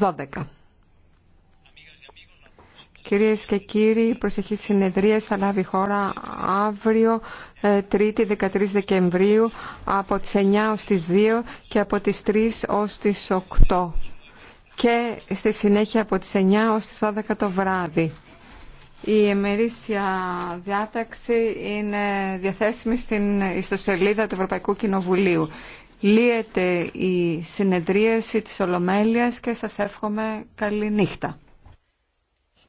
12. Κυρίες και κύριοι, η προσεχή συνεδρία θα λάβει χώρα αύριο, 13 ε, Δεκεμβρίου, από τις 9 ως τις 2 και από τις 3 ως τις 8 και στη συνέχεια από τις 9 ως τις 12 το βράδυ. Η εμερήσια διάταξη είναι διαθέσιμη στην ιστοσελίδα του Ευρωπαϊκού Κοινοβουλίου. Λύεται η συνεδρίαση της Ολομέλειας και σας εύχομαι καλή νύχτα.